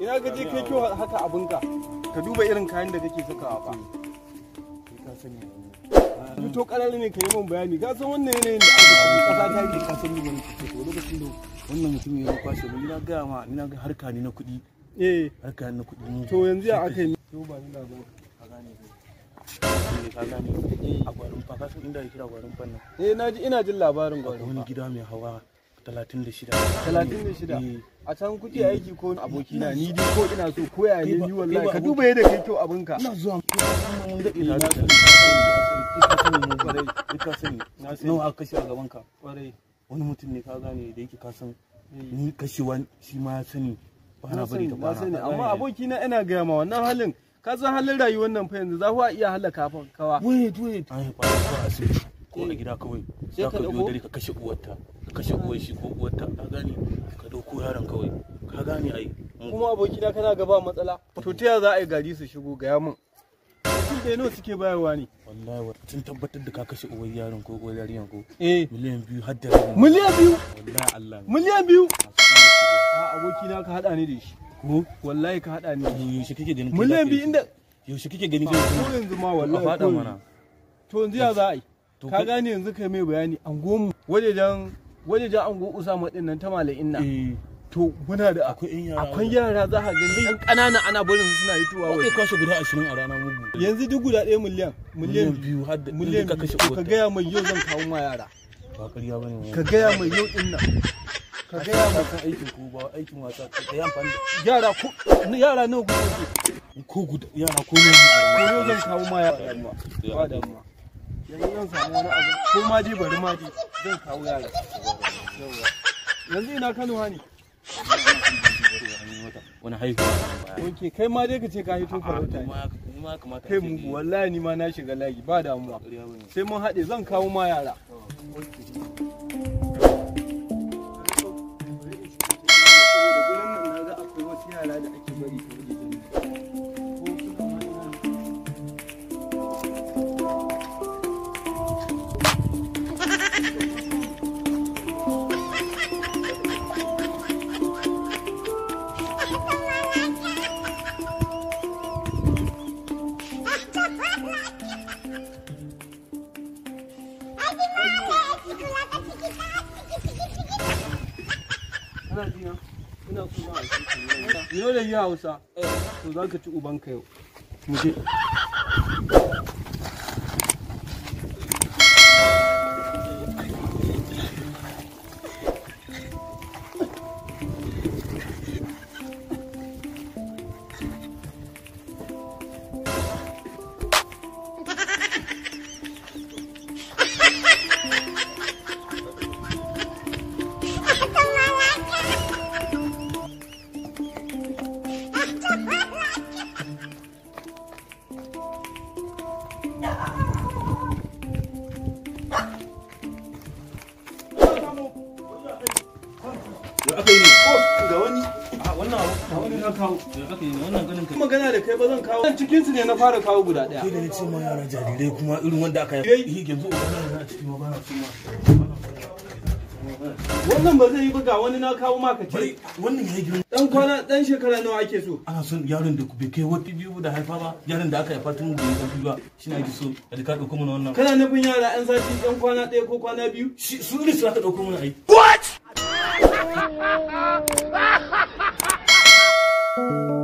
ina ga je kai kyau haka abinka ka duba irin kayan da kake sakawa ba Ka sani fito ne ka yi min bayani ka san wannan yanayin da aka kasa ta yi ka san wani kuke to lokacin da wannan mutumin ya kwashe mu na ga ma ni ga harka ne na kuɗi eh harka ne na kuɗi to yanzu ya aka yi to ba ni ga ka gane ka gane eh. a gwarin fa ka san inda ya kira gwarin fa nan eh na ji ina jin labarin gwarin wani gida mai hawa talatin da shida eh. a can kuke eh. aiki ko aboki na ni dai ko ina so ko ya ne ni wallahi ka duba yadda kai kyau abinka ina zuwa mun eh, da ina da ita sani mu kwarai ita sani na sani nawa kashe a gaban ka kwarai wani mutum ne ka gane da yake ka san ni kashewa shi ma ya sani ba na bari ta kwana sani amma aboki na ina gaya ma wannan halin ka san halin rayuwar nan fa yanzu za ku iya halaka kawa wait wait ai ba asibiti ko a gida kawai za ka biyo dare ka kashe uwarta kashe uwar shi ko uwar ta ka gane ka dauko yaron kawai ka gane ai mm. kuma abokina kana gaba matsala to ta za a yi gari su shigo gaya min kuɗe nawa suke bayarwa ne wallahi tun tabbatar da ka kashe uwar yaron ko uwar yarinyan ko eh miliyan biyu har da miliyan biyu wallahi Allah miliyan biyu a abokina ka hada ne da shi ko wallahi ka hada ne. yaushe kake ganin miliyan biyu inda yaushe kake ganin zai ko yanzu ma wallahi faɗa mana to yanzu ya za a yi ka gane yanzu kai mai bayani an gomu wajejen waje ja ango usama din nan ta mala'in nan eh, to muna da akwai yara akwai yara za ka gani yan kanana ana barin su suna hituwa wai kai kwashe guda 20 a rana mugu yanzu duk guda 1 miliyan miliyan biyu har da miliyan ka kashe ka gaya mai yau zan kawo ma yara ba bane ka gaya mai yau din nan ka gaya mai kan aikin ku ba aikin wasa ka yi amfani da yara ko yara nawa guda ko guda yara ko ne ko yau zan kawo ma yara ba da ma yanzu zan samu wani abu ko ma je bari ma je zan kawo yara yanzu ina kanuwa ne wani haihuwa ok kai ma dai ka ce ka hito farauta ne kai mugu eh. wallahi ni ma na shiga lagi ba damuwa sai mun haɗe zan kawo ma yara yara da ake bari ta wajen kana ji na ina so ba a cikin yau da yi hausa to za ka ci ubanka yau mu je gana da kai ba zan kawo cikin su ne na fara kawo guda daya kai da nace ma yara jarirai kuma irin wanda aka yi yanzu wannan ba zai yi buga wani na kawo maka ce wannan yayi dan kwana dan shekara nawa ake so ana son yaron da bai kai wata biyu da haifa ba yaron da aka haifa tun da ya ba shi na ji so a ka dauko mana wannan kana nufin yara an sati dan kwana daya ko kwana biyu su irin su aka dauko mana ai what Música